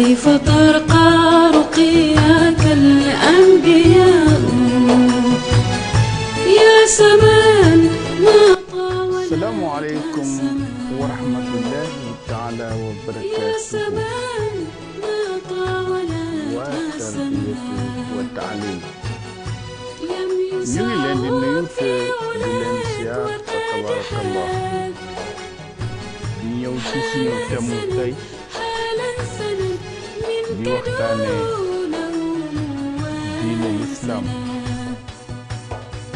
كيف ترقى رقياك الأنبياء يا سمان ما طاول السلام عليكم ورحمة الله تعالى وبركاته يا والتربية والتعليم Jullie والتعليم nu de Valencia Tabarakallah. Ñew ci suñu temu tay di waxtaane diine islaam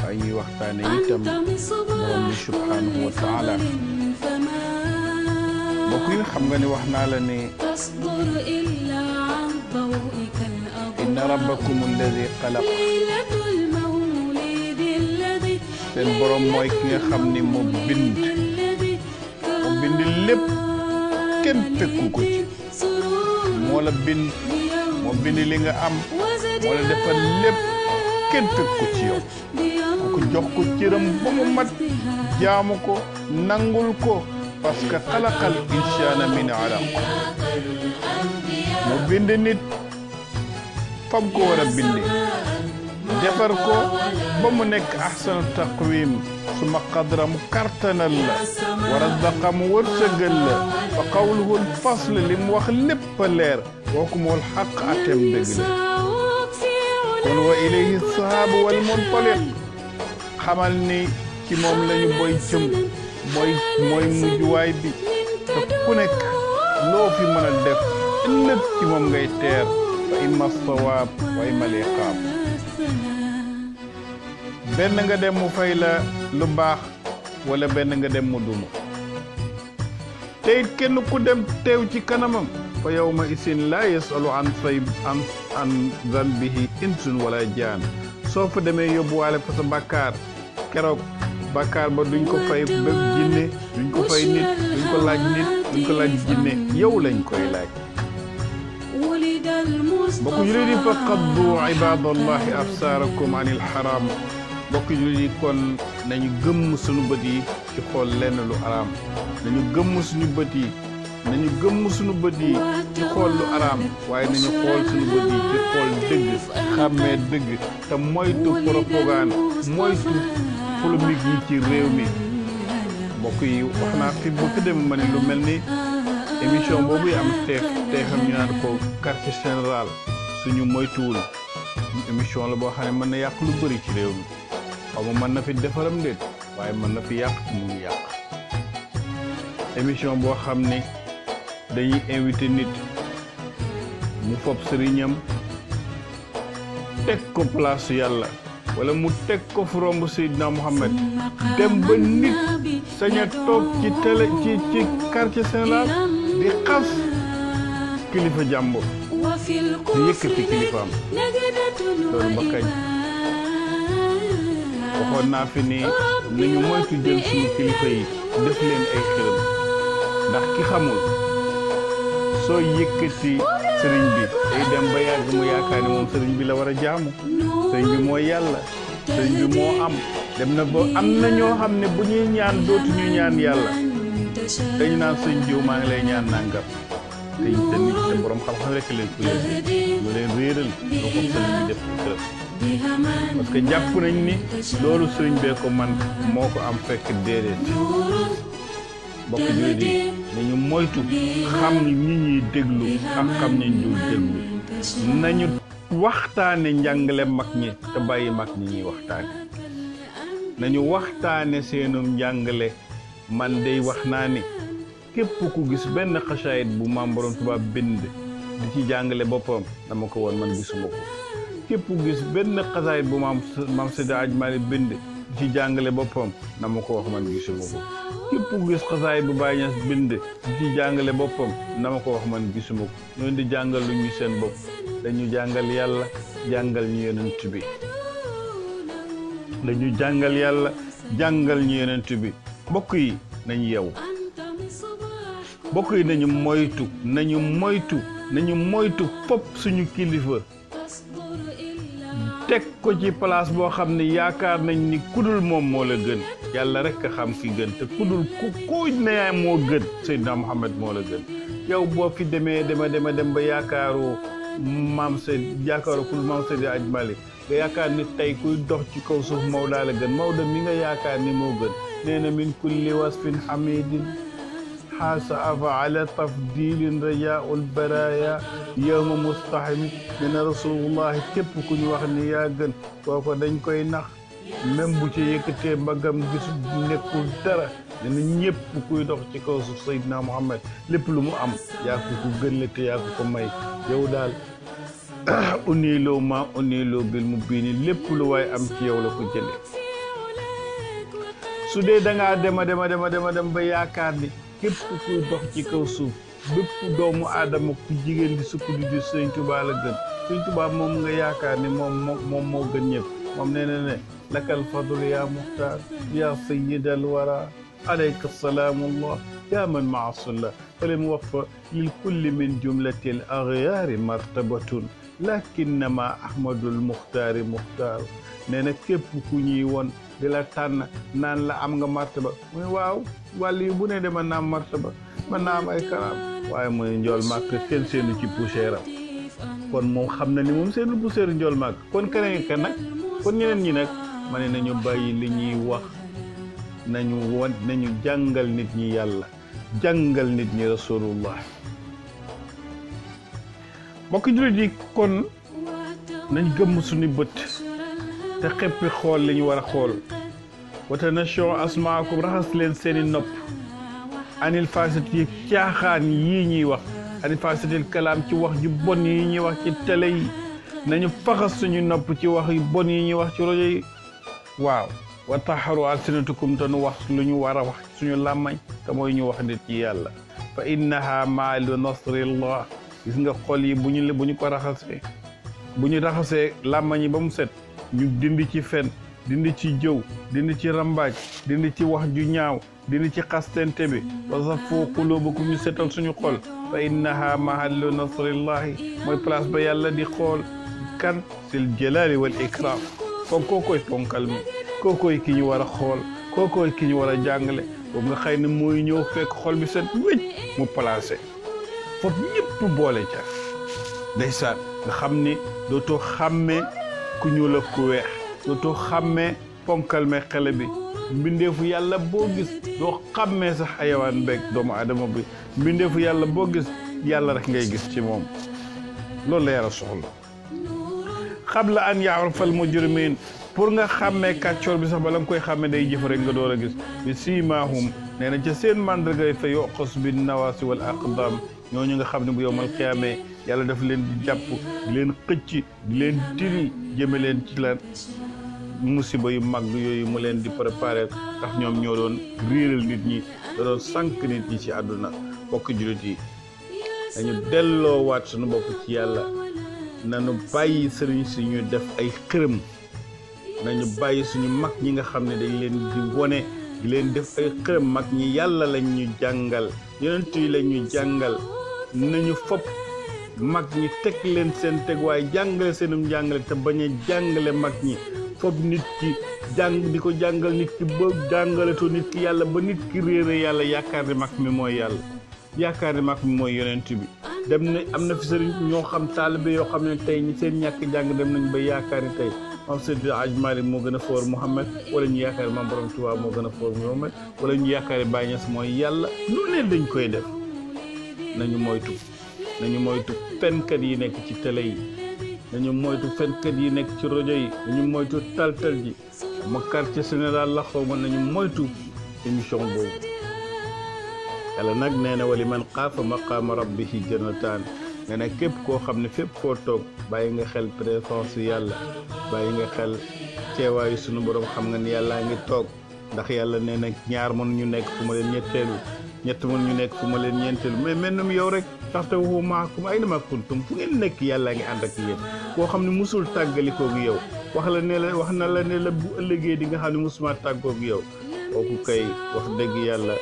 waaye ñuy waxtaane itam borom bi subhaanahu wa taala mbokk yi xam nga ne wax naa la ne inna rabbakum alladi xalaq seen borom mooy ki nga xam ni mu bind mu bind lépp kenn fekku ko ci moo la bind moo bind am moo la lépp kenn teg ko ci ku jox ko cëram ba mu mat jaamu nangul ko parce que xalaqal insaana min mu bind nit ko war a bindee defar ko ba mu nekk ahsanu taqwim suma qadram kartanal la wa razaqa mu wërsëgal la فقوله الفصل اللي موخ لب لير وكم الحق أتم دقل قل وإليه الصحاب والمنطلق حملني كي موم لن يبوي جم موي موي مجواي بي تكونك لو في من الدف إنب كي موم غي تير فإما الصواب وإما الإقام بين نغا دمو فايلا لباخ ولا بين نغا دمو دمو te it kenn ku dem teew ci kanamam fa yawma isin laa yasalu an say an an zanbihi insun wala jaan soo fa demee yóbbuwaale fa sa bakar keroog bàkkaar ba duñ ko fay bépp jinne duñ ko fay nit duñ ko laaj nit duñ ko laaj jinne yow lañ koy laaj bokk julit yi faqaddu ibadallahi absaarakum anil haram bokk julit yi kon nañu gëmm sunu bët yi ci xool lenn nañu gëmm suñu bët yi nañu gëmm suñu bët yi ci xool lu araam waaye nañu xool suñu bët yi ci xool dëgg xàmmee dëgg te moytu propagande moytu polémique yi ci réew mi mbokk yi wax naa fi bëgg ma ne lu mel ni émission boobu yi am teex teexam ñu naan ko quartier général suñu moytuwul émission la boo xam ne mën na yàq lu bëri ci réew mi xaw ma mën na fi defaram déet waaye mën na fi yàq mu ngi yàq émission boo xam ne dañuy invité nit mu fob sëriñam teg ko place yàlla wala mu teg ko fu romb Seydina dem ba nit ci télé ci ci quartier Sénégal di xas kilifa jàmbur di yëkkati kilifaam loolu ba kañ waxoon naa fi ni nañu moytu jël suñu kilifa yi def leen ndax ki xamul soo yëkkati sëriñ bi day dem ba yàgg mu yaakaar ne moom sëriñ bi la war a jaamu sëriñ bi moo yàlla sëriñ bi moo am dem na ba am na ñoo xam ne bu ñuy ñaan dootu ñu ñaan yàlla dañu naan sëriñ jiw maa ngi lay ñaan nangam te te nit te borom xam-xam rek leen ku leen lu leen réeral soo ko sëriñ bi def parce que jàpp nañ ni loolu sëriñ bee ko man moo ko am fekk déedéet nañu moytu xam ñi ñuy déglu ak xam ñi dul déglu nañu waxtaane njàngale mag ñi te bàyyi mag ñi ñuy waxtaane nañu waxtaane seenum njàngale man day wax naa ni képp ku gis benn xasaayit bu maam Boroom Tuubaa bind di ci jàngale boppam dama ko woon man gisuma ko képp ku gis benn xasaayit bu maam maam Seydi Aj bind ci jàngale boppam na ma ko wax man gisuma ko képp ku bu Baay Ñas bind jàngale boppam na ma ko wax man gisuma ko ñun di jàngal lu ñu seen bopp dañu jàngal yàlla jàngal ñu yonent bi dañu jàngal yàlla jàngal ñu yonent bi mbokk yi nañu yew mbokk yi nañu moytu nañu moytu nañu moytu fop suñu kilifa teg ko ci place boo xam ne yaakaar nañ ni kudul moom moo la gën yàlla rek a xam ki gën te kudul ku ku ne moo gën Seydina Muhammad moo la gën yow boo fi demee dem a dem ba yaakaaru maam Seydi yaakaaru kul maam Seydi Aj mali nga yaakaar ni tey kuy dox ci kaw suuf Maodo la gën Maodo mi nga yaakaar ni moo gën nee na min kulli fin hamidin حاس أفعل تفضيل رجاء البرايا يوم مستحم من رسول الله képp ku ñu wax ni yaa gën kooku dañ koy nax même bu ci yëkkatee mbagam gis nekkul dara dina ñëpp kuy dox ci kaw suuf Seydina Muhammad lépp lu mu am yaa ko ko gën la te yaa ko ko may yow daal uniiloo ma uniiloo bil mu biini lépp lu waay am ci yow la ko jëlee su dee da ngaa dema dema dema dema dem ba yaakaar ni képp kuy dox ci kaw suuf bépp doomu aadama ku jigéen di sukk di sëñ Tuubaa la gën sëñ Tuubaa moom nga yaakaar ni moom moo gën ñëpp moom nee na ne lakal fadlu yaa muxtaar yaa sayyidal wara عليك السلام الله يا من معص الله فلموفى لكل من جملة الأغيار مرتبة لكنما أحمد المختار مختار ننكب كنيوان دلا تان نان لا أم مرتبة واو والي بني دي من نام مرتبة من نام أي كرام واي من جول ماك سين سين كي بوشيرا كون مو خمنا ني مم سين بوشير جول ماك كون كنين كنك كون نينين نينك ماني نيو باي لي ني واخ nañu won nañu jàngal nit ñi yàlla jàngal nit ñi rasulullah mbokk jullit yi kon nañ gëmm suñu bët te xeppi xool li ñu war a xool wata nation asmaakum raxas leen seeni nopp anil fasit yi caaxaan yii ñuy wax anil fasitil kalaam ci wax ju bon yi ñuy wax ci télé yi nañu faxas suñu nopp ci wax yu bon yi ñuy wax ci rojo yi waaw wa taxaru alsinatukum te nu wax lu ñu war a wax suñu làmmañ te mooy ñu wax nit ci yàlla fa innaha malu nasrillah gis nga xol yi bu ñu bu ñu ko raxasee bu ñu raxasee làmmañ yi ba mu set ñu dindi ci fen dindi ci jëw dindi ci rambaaj dindi ci wax ju ñaaw dindi ci xastente bi wa safu qulubakum ñu setal suñu xol fa innaha mahallu nasrillahi mooy place ba yàlla di xool kan sil jalaali wal ikram foog koo koy ponkal mi kookooy ki ñu war a xool kookooy ki ñu war a jàngale boobu nga xëy ne mooy ñëw fekk xol bi set wécc mu placé foofu ñëpp boole ca ndeysaan nga xam ni dootoo xàmmee ku ñuul ak ku weex dootoo xàmmee ponkal me xele bi mbindeefu yàlla boo gis doo xàmmee sax ayawaan beeg doomu aadama bi mbindeefu yàlla boo gis yàlla rek ngay gis ci moom loolu la yàlla soxla qabla an yaarfa almujrimin pour nga xàmmee kàccoor bi sax bala nga koy xàmme day jëf rek nga door a gis bi siimaahum nee na ca seen mandargay fa yoqos bi nawaasi wal aqdam ñooñu nga xam ne bu yowmal qiyaamee yàlla daf leen di jàpp di leen xëcc di leen tiri jëme leen ci lan musiba yu mag yooyu mu leen di préparé ndax ñoom ñoo doon réeral nit ñi da doon sànq nit ñi ci àdduna bokk julit yi dañu delloo waat suñu bopp ci yàlla nanu bàyyi sëriñ si ñu def ay xërëm nañu bàyyi suñu mag ñi nga xam ne dañ leen di wone di leen def ay xërëm mag ñi yàlla lañ ñu jàngal yonent yi lañ ñu jàngal nañu fopp mag ñi teg leen seen teg waaye jàngale seenum jàngale te bañ jàngale mag ñi fopp nit ci jàng di ko jàngal nit ki ba jàngalatoo nit ki yàlla ba nit ki réere yàlla yaakaar ni mag mi mooy yàlla yaakaar ni mag mi mooy yonent bi dem na am na fi sëriñ ñoo xam taalibe yoo xam ne tey ñi seen ñàkk jàng dem nañ ba yaakaar ni maam Seydina Aj Malik moo gën a foor Mouhamed wala ñu yaakaar maam borom moo gën a foor Mouhamed wala ñu yaakaar Baay mooy yàlla lu leen dañ koy def nañu moytu nañu moytu fenkat yi nekk ci télé yi nañu moytu fenkat yi nekk ci rajo yi nañu moytu taltal ji ma quartier général la xaw ma nañu moytu émission boobu yàlla nag nee na wali man xaafa maqaama rabbihi jannataan nee na képp koo xam ne fépp koo toog bàyyi nga xel présence yàlla bàyyi nga xel ceewaayu sunu boroom xam nga ni yàllaa ngi toog ndax yàlla nee na ñaar mën ñu nekk fu ma leen ñetteelu ñett mën ñu nekk fu ma leen ñeenteelu mais mennum yow rek tax te waxu maakum ay dama kuntum fu ngeen nekk yàllaa ngi ànd ak yéen koo xam ne musul tàggalikoogu yow wax la ne la wax na la ne la bu ëllëgee di nga xam ne musuma gi yow kooku kay wax dëgg yàlla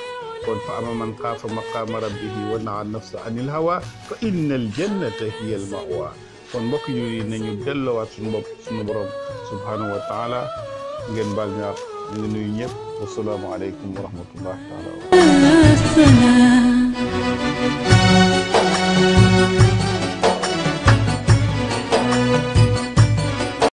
kon fa ama man xaafa maqaama rabbihi wa naa nafsa anil hawa fa inna al jannata hiya al mawa kon mbokk yooyu nañu delloowaat suñu bopp suñu borom subhanahu wa taala ngeen baal ñaar ñu ngi nuyu ñëpp wasalaamualeykum wa rahmatullahi taala wa